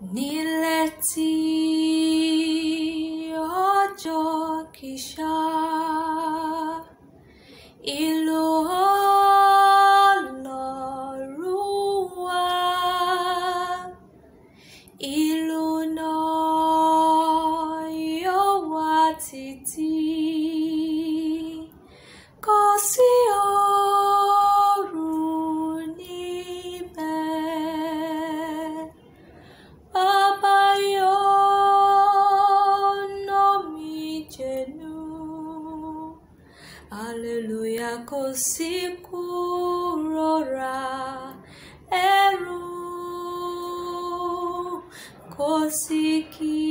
Nileti ojo kisha ilo la rua ilo no yo watiti. Hallelujah kò rọra ẹrù Kosiki.